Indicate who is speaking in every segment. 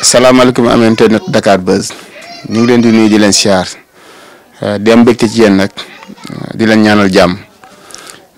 Speaker 1: salaamaaleykum am internet Dakar Buzz ñu ngi leen di nuyu di leen siyaar euh, di am mbégte ci yéen nag euh, di leen ñaanal jàmm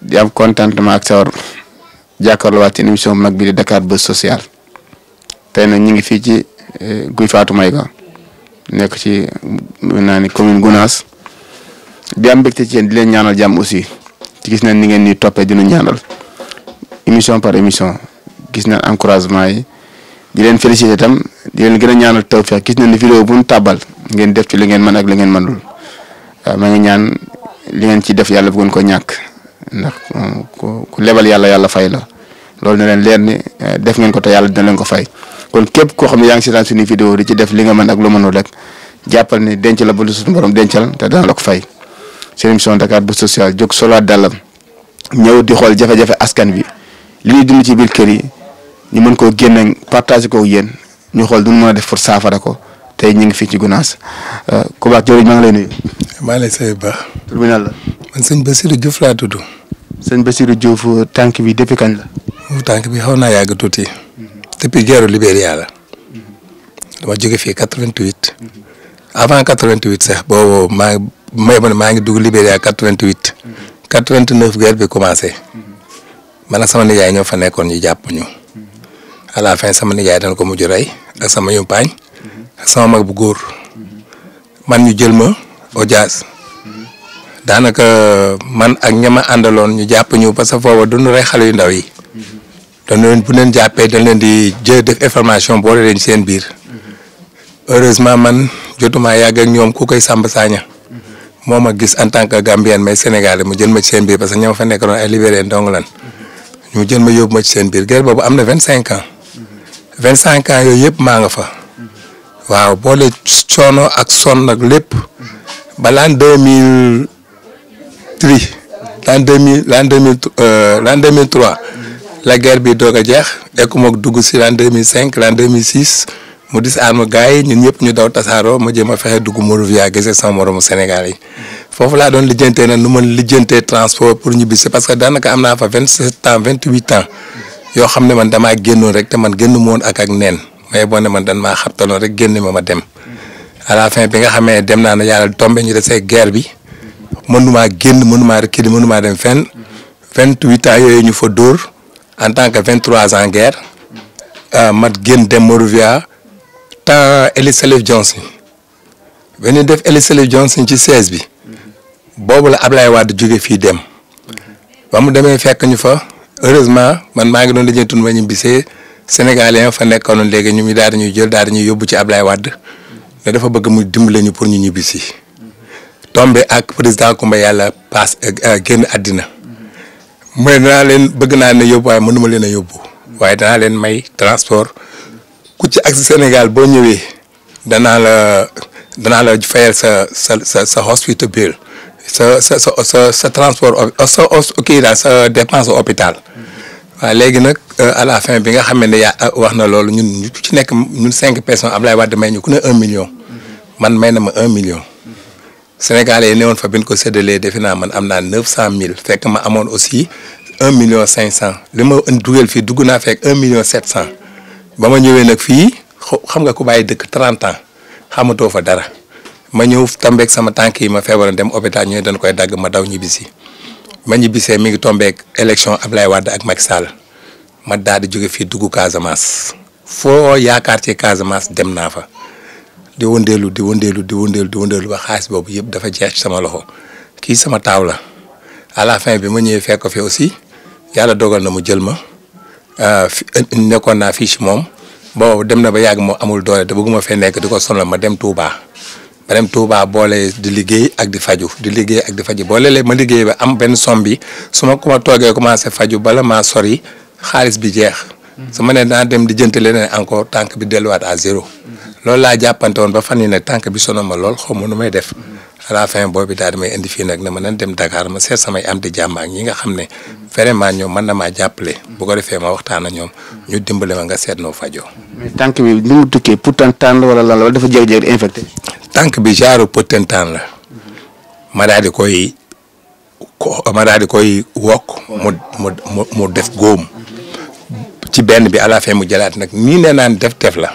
Speaker 1: di am contentement ak sawar jàkkaarloowaat ci émission bu mag bi di Dakar Buzz social tey nag ñu ngi fii ci euh, Guy Fatou Maïga nekk ci naa ni commune Gounass di am mbégte ci yéen di leen ñaanal jàmm aussi ci gis nañ ni ngeen ni toppee dina ñaanal émission par émission gis nañ encouragement yi. di leen félicité itam di leen gën a ñaanal tawfeex gis nañ ne vidéo bu ñu tàbbal ngeen def ci li ngeen mën ak li ngeen mënul waaw ma ngi ñaan li ngeen ci def yàlla bu ngeen ko ñàkk ndax euh, ku ku lebal yàlla yàlla fay la loolu na leen leer ni euh, def ngeen ko te yàlla dina leen ko fay kon képp koo xam ne yaa ngi seetaan suñuy vidéo di ci def li nga mën ak lu mënul rek jàppal ni denc la ba lu suñu borom dencal te dana la ko fay seen émission Dakar bu social jóg solaat dàllam ñëw di xool jafe askan bi li ñuy ci biir kër yi ñu mën koo génne partage ko yéen ñu xool du ñu mën a def pour saafara ko tey ñu ngi fii ci Gounass euh, ku baax jërëjëf maa ngi lay nuyu. maa lay say ba tur bi la. sëñ Basirou Diouf laa tudd. sëñ Basirou Diouf euh, tànk bi
Speaker 2: depuis kañ bi xaw naa yàgg tuuti. depuis guerre Libéria la. dama jóge fii 88. avant 88 sax boobu maa may ma ne maa ngi dugg Libéria 88. 89 guerre bi commencé. man ak sama nijaay ñoo fa nekkoon ñu jàpp ñu. à la fin sama nijaay dana ko mujj rey ak sama yumpaañ ak sama mag bu góor man ñu jël ma Ojaas daanaka man ak ñama àndaloon ñu jàpp ñu parce que foofa duñu rey xale yu ndaw yi dañ leen bu leen jàppee dañ leen di jë def information boole leen seen biir heureusement man jotumaa yàgg ak ñoom koy sàmb saaña moo ma gis en tant que Gambien mais mu jël ma ci seen biir parce que fa nekk nekkoon ay libéré ndong lan ñu jël ma yóbbu ma ci seen biir guerre boobu am na vingt cinq ans vingt cinq ans yooyu yëpp maa nga fa. waaw boole coono ak son ak lépp. ba l'an deux mil trois l'an deux mille l'an deux mille euh, l'an deux la guerre bi doog a jeex ekkumook dugg si l'an deux mille cinq l'an deux mille six mu dis arme gars yi ñun ñëpp ñu daw tasaaroo ma jéem a fexe dugg Monrovia gise sama mu Sénégal yi foofu laa doon lijjantee nag nu mën lijjantee transport pour ñibbi si parce que daanaka am naa fa vingt sept ans vingt huit ans. yoo xam ne man damaa génnoon rek te man génn moon ak ak neen mais boo ne man dan maa xabtaloon rek génn ma ma dem à fin bi nga xamee dem naa ne yàlla tombé ñu desee guerre bi mënumaa génn mënumaa kii di mënumaa dem fenn vingt huit ans yooyu ñu fa dóor en tant que vingt trois ans guerre euh, mat génn dem Morovia temps Elie Salif Johnson ba ñu def Elie Salif Johnson ci seize bi boobu la Ablaye Wade jóge fii dem ba mu demee fekk ñu fa heureusement man maa ngi doon la jëntoon ma ñibbisee sénégalais fa nekkoon léegi ñu daal di ñuy jël daal di yóbbu ci Ablaye Wade ne dafa bëgg mu dimb ñu pour ñu ñibbisi tombe ak président Coumba Yàlla a euh, euh, génn àddina mooy danaa leen bëgg naa ne yóbbu waaye mënuma leen a yóbbu waaye danaa leen may transport ku ci ak Sénégal boo ñëwee danaa la danaa la fayal sa sa sa sa hospital bill sa sa sa sa transport sa kii daal sa dépense hôpital waaw léegi nag euh, à la fin bi nga xam ne yaa euh, wax na loolu ñun ñu ci nekk ñun cinq personnes Ablaye Wade may ñu ku ne un million man may na ma un million Sénégalais yi newoon fa bi ñu ko séddalee defe naa man am naa neuf cent mille fekk ma amoon aussi un million cinq cent li ma dugal fii dugg naa fekk un million sept cent ba ma ñëwee nag fii xam nga ku bàyyi dëkk trente ans xamatoo fa dara ma ñëw tombeek sama tànk yi ma feebaroon dem opital ñu ne dañ koy dagg ma daw ñibbisi ma ñibbisee mi ngi tombeek ab Ablaye Wade ak Macky Sall ma daal di jóge fii dugg Casamance foo yaakaar ci Casamance dem naa fa di wëndeelu di wëndeelu di wëndeelu di wëndeelu ba xaalis boobu yëpp dafa jeex sama loxo kii sama taaw la à fin bi ma ñëwee fekk fi aussi yàlla dogal na mu jël ma euh, nekkoon naa fii ci moom boobu dem na ba yàgg moo amul doole te bëgguma fee nekk di ko sonal ma dem Touba. ma dem Touba di liggéey ak di faju liggéey ak di faju boole léeg ma liggéey ba am benn som bi su ma ko ma toogee commencé faju bala maa sori xaalis bi jeex. Mm-hmm. su ma nee naa dem di leneen encore tànk bi delluwaat à zéro. Mm-hmm. loolu laa jàppante woon ba fan yi nag tànk bi sono ma lool xaw ma nu may def. Mm-hmm. à la fin boobu daal damay indi fii nag ne ma nan dem Dakar ma seet samay am di jàmm ak ñi nga xam ne vraiment ñoom man na maa jàppale. bu ko defee ma waxtaan a ñoom ñu dimbale ma nga seet noo fajoo.
Speaker 1: mais tànk bi ni mu tukkee pourtant
Speaker 2: tànn wala lan la wala dafa jékki-jékki infecté. tànk bi genre pottentaan la ma koy ko koy wokk mu mu mu def góom ci benn bi à fin mu jalaat nag nii nee naan def def la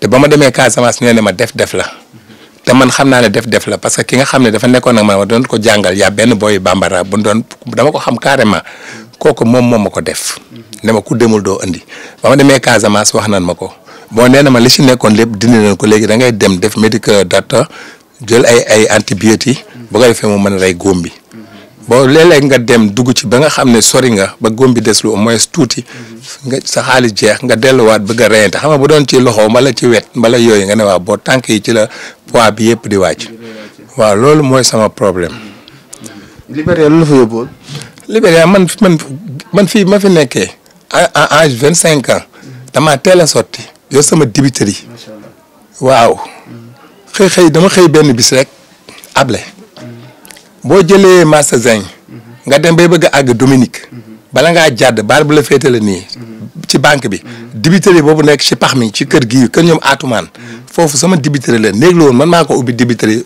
Speaker 2: te ba ma demee Casamance nee ne ma def def la te man xam naa ne def def la parce que ki nga xam ne dafa nekkoon nag man ma doon ko jàngal yaa benn booy bambara bu doon dama ko xam carrément kooku moom moom ma ko def ne ma ku demul doo andi ba ma demee Casamance wax nan ma ko boo nee na ma li si nekkoon lépp dindi nañ ko léegi dangay dem def medical data jël ay ay antibiotiques ba ko defee mu mën a rey góom bi bon nga dem dugg ci ba nga xam ne sori nga ba góom bi des lu au moins tuuti nga sa xaalis jeex nga delluwaat bëgg a reyante xam nga bu doon ci loxo mbala ci wet mbala yooyu nga ne waaw boo tànk yi ci la poids bi yëpp di wàcc waaw loolu mooy sama problème. Libéria lu fa yóbbuwoon. Libéria man man man fii ma fi nekkee à à âge vingt cinq ans damaa teel a yor sama dibiteri waaw xëy xëy dama xëy benn bis rek able boo jëlee Massa Zeng nga dem bay ba a àgg Dominique bala ngaa jàdd baal bu la féetale nii ci banque bi dibiteri boobu nekk ci pax mi ci kër gi kër ñoom aatumaan foofu sama dibiteri la néeg la man maa ko ubbi dibiteri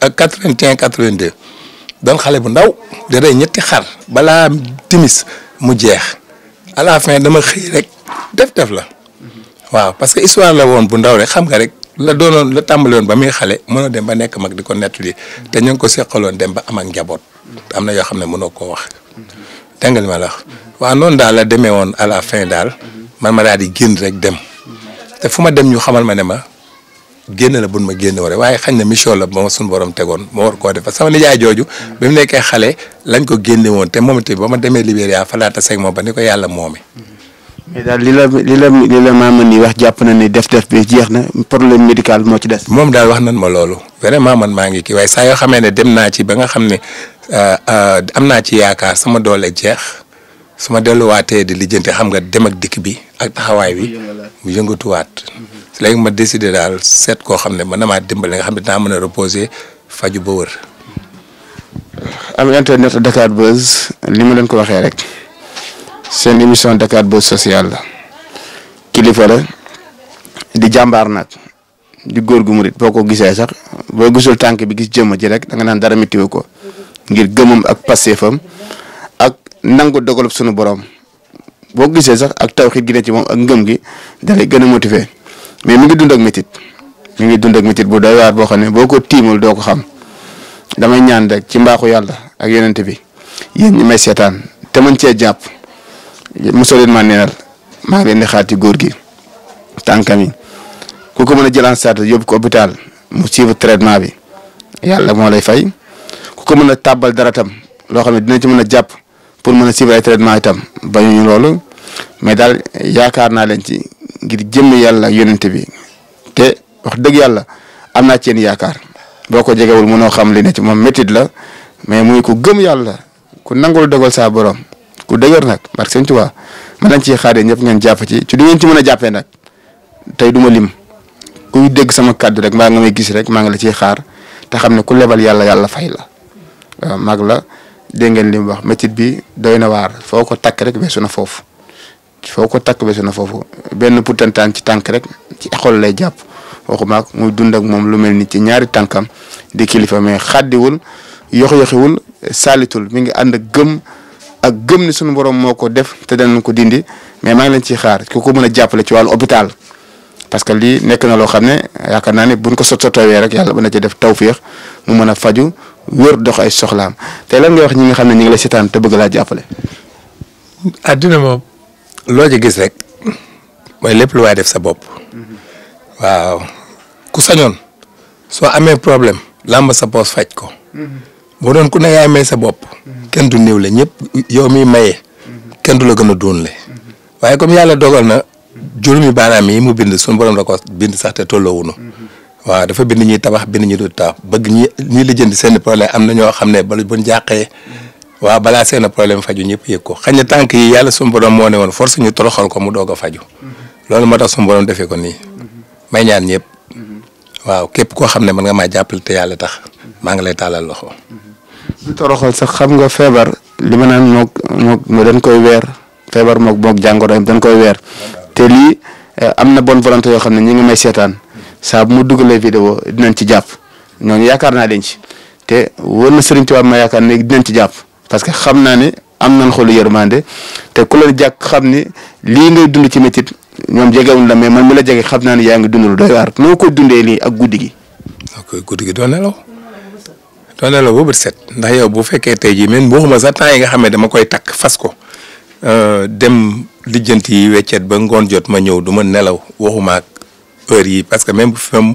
Speaker 2: ak 81 82 doon xale bu ndaw di rey ñetti xar balaa timis mu jeex à la dama xëy rek def def la waaw parce que histoire la woon bu ndaw rek xam nga rek la doonoon la tàmbali woon ba muy xale mënoo dem ba nekk mag di ko nettali te ñu ngi ko seqaloon dem ba am ak njaboot am na yoo xam ne mënoo koo wax dégg ma la wax noonu daal la demee woon à fin daal man ma di génn rek dem fu ma dem ñu xamal ma ne ma génn la bun ma génn waree waaye xañ na mission la ba ma suñu borom tegoon ma war koo def sama nijaay jooju bi mu nekkee xale lañ ko génne woon te moom itam ba ma demee Libéria fa laata seeg ba ni ko yàlla moome
Speaker 1: mais daal li la li la li la wax jàpp na ne def-def bi
Speaker 2: jeex na problème médical moo ci des. moom daal wax nan ma loolu vraiment man maa ngi kii waaye saa yoo xamee ne dem naa ci ba nga xam ne euh, euh, am naa ci yaakaar sama doole jeex su ma delluwaatee di lijjanti xam nga dem ak dikk bi ak taxawaay bi mu yëngatuwaat. léegi ma décidé daal seet koo xam ne mën na maa dimbali nga xam ne dinaa mën a reposer faju ba wër.
Speaker 1: am internet Dakar Buzz li ma leen ko waxee rek. seen émission Dakar Buzz social la kilifa la di jàmbaar nag di góor gu murit boo ko gisee sax boo gisul tànk bi gis jëmm ji rek da naan dara météo ko ngir gëmam ak passeefam ak nangu dogalub sunu borom boo gisee sax ak tawxiit gi ne ci moom ak ngëm gi dalay gën a motiver mais mu ngi dund ak métit mu ngi dund ak métit bu doy waar boo xam ne boo ko tiimul doo ko xam damay ñaan rek ci mbaaxu yàlla ak yonent bi yéen may seetaan te mën cee jàpp. mosoo leen maa neenal maa ngi leen di xaar ci góor gi tànkam yi ku ko mën a jël saat charge yóbbu ko hôpital mu suivre traitement bi yàlla moo lay fay ku ko mën a tàbbal dara tam loo xam ne dina ci mën a jàpp pour mën a suivre ay traitement tam bañuñu loolu mais daal yaakaar naa leen ci ngir jëmm yàlla ak yonent bi te wax dëgg yàlla am naa ci yéen yaakaar boo ko jegewul mënoo xam li ne ci moom métit la mais muy ku gëm yàlla ku nangul dogal saa ku dëgër nag barke sëñ Tuubaa mën nañ ci xaaree ñëpp ngeen jàpp ci ci du ngeen ci mën a jàppee nag tey du ma lim kuy dégg sama kàddu rek maa nga may gis rek maa ngi la ciy xaar te xam ne ku lebal yàlla yàlla fay la mag la dégg ngeen li wax métit bi doy na waar foo ko takk rek weesu na foofu foo ko takk weesu na foofu benn putantaan ci tànk rek ci xol lay jàpp waxuma ak muy dund ak moom lu mel ni ci ñaari tànkam di kilifa mais xàddiwul yox saalitul mi ngi ànd gëm. ak gëm ni suñu borom moo ko def te danañ ko dindi mais maa ngi leen ciy xaar ku ko mën a jàppale ci wàllu hôpital parce que lii nekk na loo xam ne yaakaar naa ne bu buñ ko sot sotoowee rek yàlla mën na ci def tawféex mu mën a faju wër dox ay soxlaam te lan ngay wax ñi nga xam ne ñu ngi lay seetaan te bëgg laa jàppale.
Speaker 2: addina moom loo ci gis
Speaker 1: rek mooy lépp lu waay def sa bopp.
Speaker 2: waaw ku sañoon soo amee problème làmb sa poos faj ko. Mm-hmm. boo doon ku ne yaay may sa bopp. kenn du néew la ñëpp yow miy maye. kenn du la gën a doon le waaye comme yàlla dogal na juróomi baanaam yi mu bind suñu borom ko bind sax te tolloowuñu. waaw dafa bind ñuy tabax bind ñu du tabax bëgg ñi ñi la jënd seen problème am na ñoo xam ne ba bala buñ jàqee waaw balaa seen problème faju ñëpp yëg ko xañ na tànk yi yàlla suñu moo ne woon force ñu toroxal ko mu doog a faju loolu moo tax suñu defee ko nii may ñaan ñëpp waaw képp koo xam ne mën nga maa jàppale te yàlla tax maa ngi lay tàllal loxo
Speaker 1: toro toroxal sax xam nga feebar li ma naan moog moog dañ koy weer feebar moog moog jàngoro dañ koy weer te lii eh, am na bon volonté yoo xam ne ñu ngi may seetaan saabu mu dugg dugalee vidéo dinañ ci jàpp ñooñu yaakaar naa leen ci te wër na Serigne Touba ma yaakaar ne dinañ ci jàpp parce que xam naa ne am nañ xolu yërmande te ku leen jàkk xam ni lii ngay dund ci métit ñoom jegewuñ la mais man mi la jege xam naa ne yaa ngi dund lu doy waar noo ko dundee lii ak guddi gi. ok guddi gi doo
Speaker 2: doo nelaw ba set ndax yow bu fekkee tey jii même waxuma sax temps yi nga xam ne dama koy takk fas ko euh, dem lijjanti yi weccet ba ngoon jot ma ñëw du ma nelaw waxuma ak heure yi parce que même bu fi moom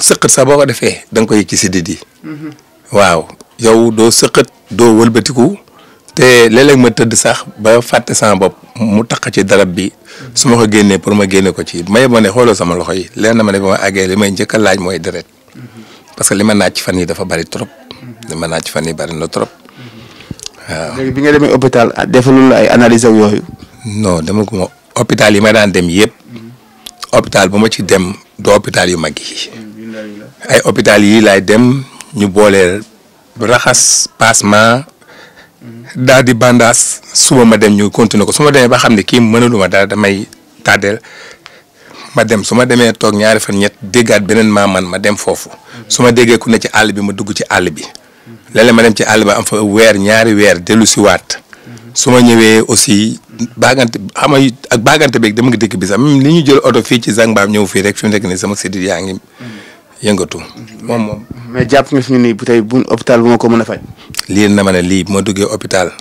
Speaker 2: sax boo ko defee da koy yëg ci si mm-hmm. waaw yow doo sëqët doo wëlbatiku te léeg ma tëdd sax ba fàtte sama bopp mu taq ci darab bi mm-hmm. su ma ko génnee pour ma génne ko ci may ma ne xooloo sama loxo yi leen na ma ne ba ma àggee li may njëkk laaj mooy deret mm-hmm. parce que li ma naaj ci fan yi dafa bari trop. dama naaj fan yi bari na trop.
Speaker 1: waaw léegi bi nga demee hôpital ah, defalul la ay analyse ak yooyu.
Speaker 2: non dama ko ma hôpital yi ma daan dem yëpp. hôpital bu ma ci dem du hôpital yu mag yi. ay hôpital yii laay dem ñu booleel raxas passement. daal di bandaas suba ma dem ñu continuer ko su demee ba xam ne kii mënalu ma dara damay tàddeel ma dem su ma demee toog ñaari fan ñett déggaat beneen maa man ma dem foofu. su déggee ku ne ci àll bi ma dugg ci àll bi. léeg ma dem ci àll ba am fa weer ñaari weer dellu si waat su ma ñëwee aussi baagante xamay ak baagante beeg dama ngi dëkk bi sax li ñu jël oto fii ci Zangbaam ñëw fii rek fi mu nii sama séddi yaa ngi yëngatu.
Speaker 1: moom moom mais jàpp nga fi bu tey bu opital bu ma ko mën a faj.
Speaker 2: lii na ma ne lii bu ma duggee opital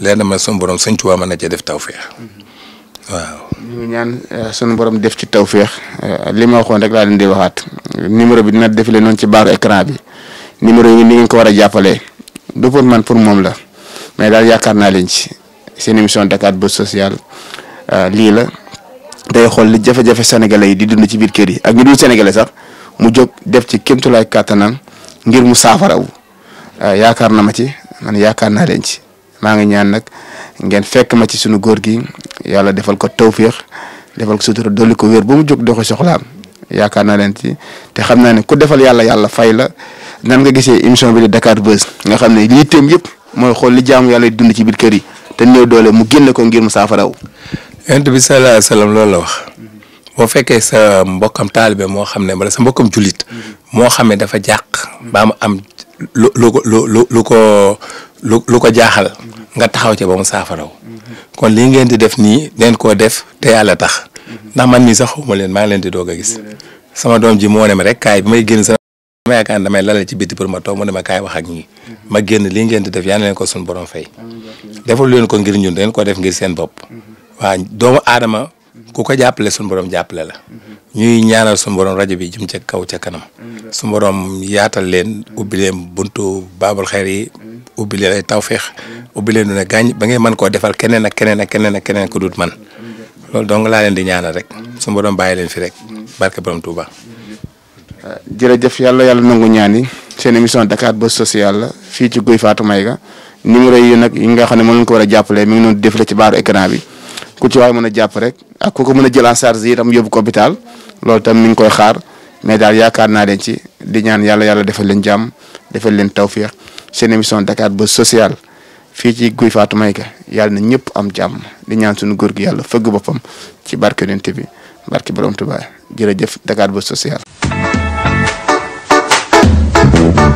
Speaker 2: leer na ma sunu borom sëñ Tuubaa mën na cee def tawféex.
Speaker 1: waaw ñu ñaan euh, sunu borom def ci tawféex euh, li ma waxoon rek laa leen di waxaat numéro bi dina defile noonu ci baaru écran bi. numéro yi ni ngeen ko war a jàppalee du pour man pour moom la mais daal yaakaar naa leen ci seen émission Dakar Buzz Social euh, lii la day xool li jafe-jafe sénégalais yi di dund ci biir kër yi ak ñu dul sénégalais sax mu jog def ci kéemtulaay kàttanam ngir mu saafarawu euh, yaakaar na ma ci man yaakaar naa leen ci maa ngi ñaan nag ngeen fekk ma ci sunu góor gi yàlla defal ko tawféex defal ko sutura dolli ko wér ba mu jóg doxi soxlaam yaakaar naa leen ci te xam naa ne ku defal yàlla yàlla fay la. nan nga gisee émission bi di Dakar Buzz nga xam ne lii téem yëpp mooy xool li jaamu yàlla dund ci biir kër yi te néew doole mu génne ko ngir mu
Speaker 2: saafaraw. yonent bi sallallahu alayhi loolu la wax. boo fekkee sa mbokkam taalibe moo xam ne wala sa mbokkam jullit. moo xam ne dafa jàq. ba mu am lu lu ko lu lu ko lu ko jaaxal. nga taxaw ci ba saafaraw. kon lii ngeen di def nii leen koo def te yàlla tax. ndax man mii sax xawma leen maa ngi leen di doog a gis. sama doom ji moo ne ma rek kaay bi may génn sama yaakaar ne damay lale ci bitti pour ma toog mu ma kaay wax ñi ma génn li ngeen di def yal na leen ko suñu borom fay leen ko ngir ñun da ngeen ko def ngir seen bopp waaw doomu aadama ku ko jàppale suñu borom jàppale la ñuy ñaana suñu borom rajo bi jëm ca kaw ca kanam suñu borom yaatal leen ubbi leen buntu baabul xeer yi ubbi leen ay tawféex ubbi leen du ne gaañ ba ngay mën koo defal keneen ak keneen ak keneen ak keneen ko dut man loolu donc laa leen
Speaker 1: Euh, jërëjëf yàlla yàlla nangu ñaan yi seen émission Dakar Buzz Social la fii ci Guy Fatou Maïga numéro yi nag yi nga xam ne moom lañ ko war a jàppale mi ngi noonu défilé ci baaru écran bi ku ci waay mën a jàpp rek ak ko ko mën a jël en charge yi itam yóbbu ko hôpital loolu tam mi ngi koy xaar mais daal yaakaar naa leen ci di ñaan yàlla yàlla defal leen jàmm defal leen tawféex seen émission Dakar Buzz sociale fii ci Guy Fatou Maïga yàlla na ñëpp am jàmm di ñaan sunu góor gi yàlla fëgg boppam ci barke Yonent bi barke Borom Tuubaa jërëjëf Dakar Social